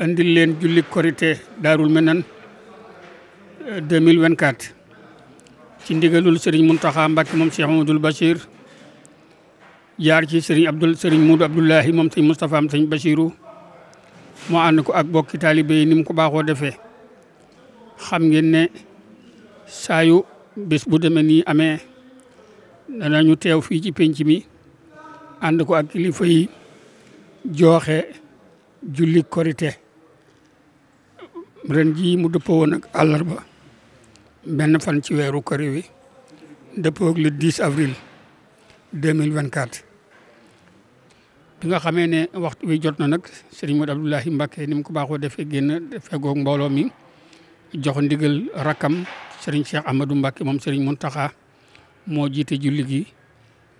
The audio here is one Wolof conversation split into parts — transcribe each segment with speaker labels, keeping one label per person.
Speaker 1: indil leen julli korite daarul minan 2024 euh, ci ndigalul sëriñ Muntaxa Mbàkke moom Cheikh Mamadul Bachir jaar ci sëriñ Abdul sëriñ Muudu Abdullahi moom sëñ Moustapha am sëñ Bachiru moo ànd ko ak bokki taalibe yi ni ko baaxoo defee xam ngeen ne saayu bés bu demee nii amee ñu teew fii ci pénc mi ànd ko ak kilifa yi julli korite ren ji mu dëppoo woon ak ba benn fan ci weeru kori wi dëppoo ak le 10 avril 2024 bi nga xamee ne waxtu wi jot na nag sëriñ da Abdoulahi Mbacké ni mu ko baaxoo defee génn fegoog mbooloo mi jox ndigal rakkam sëriñ Cheikh Amadou Mbacké moom mun taxa moo jiite julli gi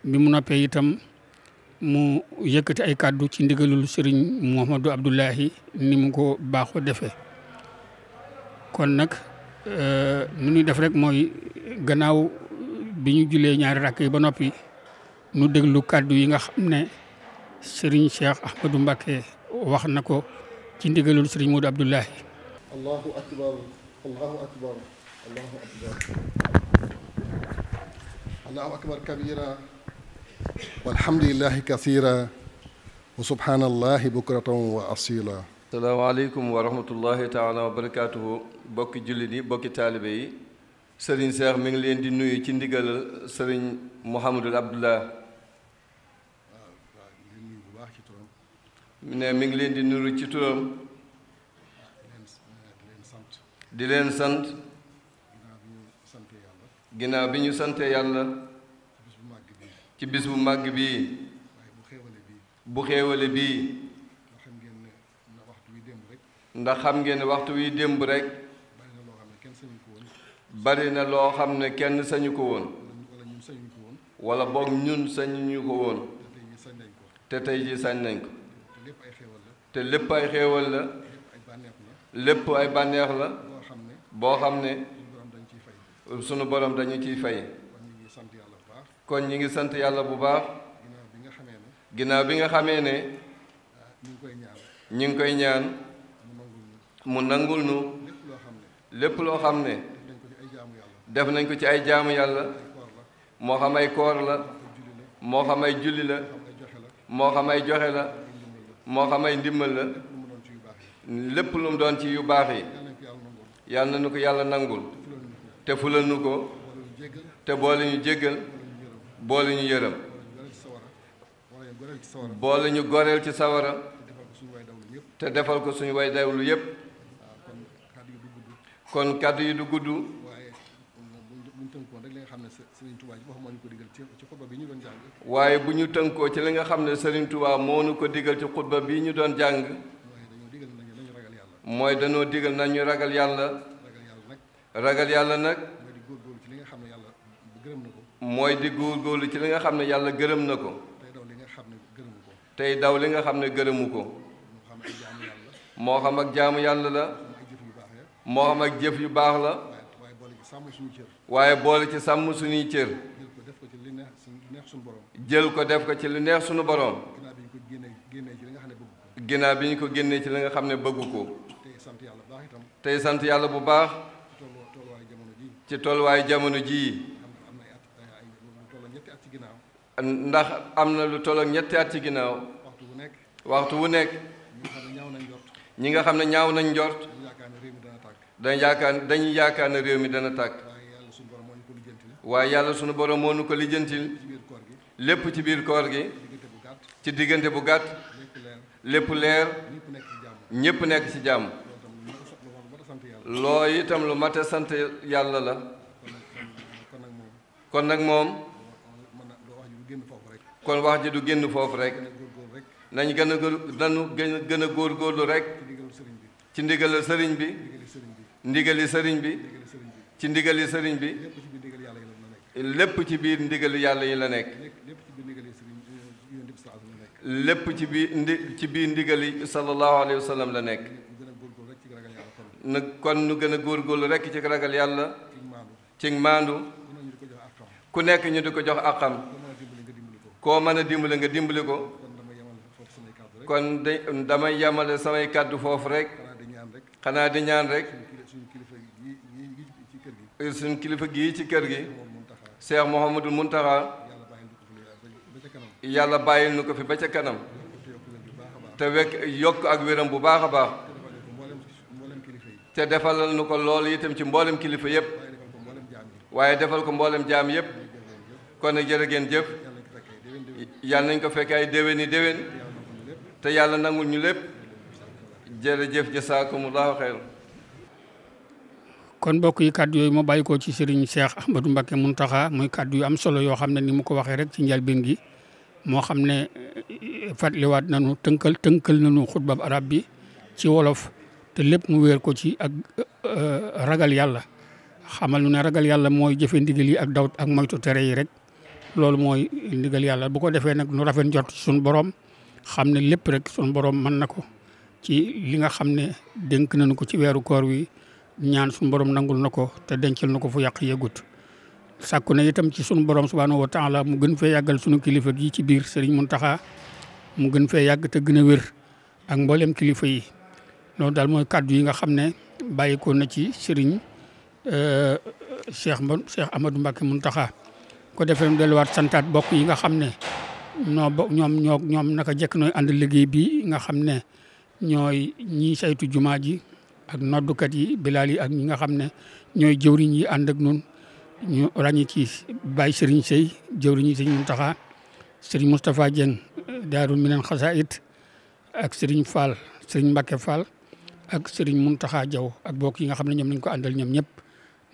Speaker 1: bi mu noppee itam mu yëkkati ay kàddu ci ndigalul sëriñ Mouhamadou Abdoulahi ni mu ko baaxoo defee kon nag euh, nu ñuy def rek mooy gannaaw bi ñu julee ñaari rakk yi ba noppi nu déglu kàddu yi nga xam ne sëriñ Cheikh Ahmadou Mbacké wax na ko ci ndigalul sëriñ Modou Abdoulahi
Speaker 2: allahu akbar allahu akbar walhamdulilahi kasira wa subhaanallahi bukratan wa asila
Speaker 3: asalaamaaleykum wa rahmatullahi taala wa barakatuhu bokki jullit yi bokki taalibe yi sëriñ Seex mi ngi leen di nuyu ci ndigal sëriñ Mouhamadul Abdullah ne mi ngi leen di nuru ci turam di leen sant ginnaaw bi ñu sante yàlla ci bis bu màgg bi bu xéewale bii ndax xam ngeen ne waxtu wi démb rek bari na loo xam ne kenn sañu ko woon wala boog ñun sañuñu ko woon te tey ji sañ nañ ko te lépp ay xéewal la lépp ay bànneex la boo xam ne sunu borom dañu ciy fay kon ñi ngi sant yàlla bu baax
Speaker 2: ginnaaw bi nga xamee ne
Speaker 3: ñi ngi koy ñaan
Speaker 2: mu nangul nu lépp loo xam ne
Speaker 3: def nañ ko ci ay jaamu yàlla moo xam ay koor la moo xam ay julli la moo xam ay joxe la moo xam ay ndimbal la lépp lu mu doon ci yu baax yi yàlla na nu ko yàlla nangul te fulal nu ko te boole ñu jéggal boole ñu yërëm boole ñu goreel ci sawara te defal ko suñu way dawlu yépp kon kàddu yi du gudd
Speaker 2: waaye bu ñu
Speaker 3: tënkoo ci li nga xam ne Serigne Touba moo nu ko digal ci xutba bi ñu doon jàng mooy dañoo digal nañu ragal yàlla ragal yàlla nag
Speaker 2: mooy di góorgóorlu ci li nga xam ne yàlla gërëm na ko
Speaker 3: tey daw li nga xam ne gërëmu ko moo xam ak jaamu yàlla la moo xam ak jëf yu baax la
Speaker 2: waaye boole ci sàmm suñuy cër jël ko def ko ci lu neex suñu borom ginnaaw bi ñu ko génnee ci li nga xam ne bëggu ko tey sant yàlla bu baax ci tolluwaayu jamono jii
Speaker 3: ndax am na lu tolloog ñetti at ci ginnaaw waxtu wu nekk waxtu wu nekk ñi nga xam ne ñaaw nañ njort dañ yaakaar dañuy yaakaar ne réew mi dana tàkk waaye yàlla sunu borom moo nu ko lijjantil lépp ci biir koor gi ci diggante bu gàtt lépp leer ñépp nekk ci jàmm loo itam lu mate sant yàlla la kon nag moom génn foofu rek. kon wax ji du génn foofu rek. nañ gën a góorgóorlu rek. nañ gën a gën a góorgóorlu rek. ci ndigalal sëriñ bi. ndigali sëriñ bi. ci ndigali sëriñ bi. lépp ci biir ndigalu yàlla yi la nekk. lépp ci biir ndi ci biir ndigali sallallahu alayhi wa sallam la nekk. nag kon nu gën a góorgóorlu rek ci ragal yàlla. ci maandu. ku nekk ñu di ko jox àqam. koo mën a dimbale nga dimbale ko kon da damay yamale samay kàddu foofu rek xanaa di ñaan rek suñ kilifa gii ci kër gi Cheikh Mouhamadul Muntaxa yàlla bàyyil nu ko fi ba ca kanam te wekk yokk ak wéram bu baax a baax te defalal nu ko lool itam ci mboolem kilifa yépp waaye defal ko mboolem jaam yépp kon jërë ngeen jëf yàlla nañ ko fekkee ay déwéni déwén te yàlla nangul ñu lépp jërëjëf jasaakumullahu xeyr
Speaker 1: kon mbokk yi kàddu yooyu mu bàyyi ko ci Serigne Cheikh Ahmadou Mbacké Mountakha muy kàddu yu am solo yoo xam ne ni mu ko waxee rek ci njëlbéen gi moo xam ne eh, fàttaliwaat nañu tënkal tënkal nañu xutbab arab bi ci wolof te lépp mu wéer ko ci ak eh, ragal yàlla xamal nu ne ragal yàlla mooy jëfe ndigal yi ak daw ak moytu tere yi rek loolu mooy ndigal yàlla bu ko defee nag nu rafet njort suñu borom xam ne lépp rek suñu borom mën na ko ci li nga xam ne dénk nañu ko ci weeru koor wi ñaan suñu borom nangul na ko te dencal na ko fu yàq yëgut sàkku na itam ci suñu borom subhaanahu wa taala mu gën fee yàggal suñu kilifa yi ci biir Serigne Mountakha mu gën fee yàgg te gën a wér ak mboolem kilifa yi loolu daal mooy kàddu yi nga xam ne bàyyi ko na ci Serigne euh, Cheikh Cheikh Amadou Mbacke Mountakha ko defee mu delluwaat santaat bokk yi nga xam ne noo bo ñoom ñoo ñoom naka jekk nooy ànd bi nga xam ne ñooy ñii saytu jumaa ji ak noddukat yi bilaal ak ñi nga xam ne ñooy jëwriñ yi ànd ak nun ñu ràññi ci Baye Serigne Sey jëwriñ yi Serigne Mountakha Serigne Moustapha Dieng Daarul Minan Xasaayit ak Serigne Fall Serigne mbake Fall ak Serigne Mountakha Diaw ak bokk yi nga xam ne ñoom lañ ko àndal ñoom ñëpp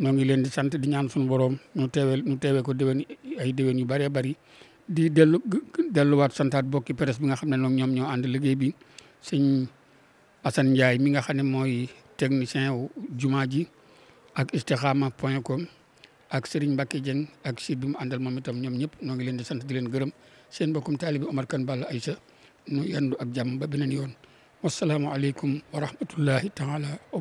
Speaker 1: ñoo ngi leen di sant di ñaan suñu boroom ñu teewee ñu teewee ko déwén ay déwén yu bëree bari di dellu delluwaat santaat bokki presse bi nga xam ne noonu ñoom ñoo ànd liggéey bi sëñ Assane Ndiaye mi nga xam ne mooy technicien wu juma ji ak istikhama point com ak Serigne Mbacke Dieng ak si bi mu àndal moom itam ñoom ñëpp ñoo ngi leen di sant di leen gërëm seen bokkum taalibi Omar Kane ay Aïssa nu yendu ak jàmm ba beneen yoon wasalaamualeykum wa rahmatullahi taala wa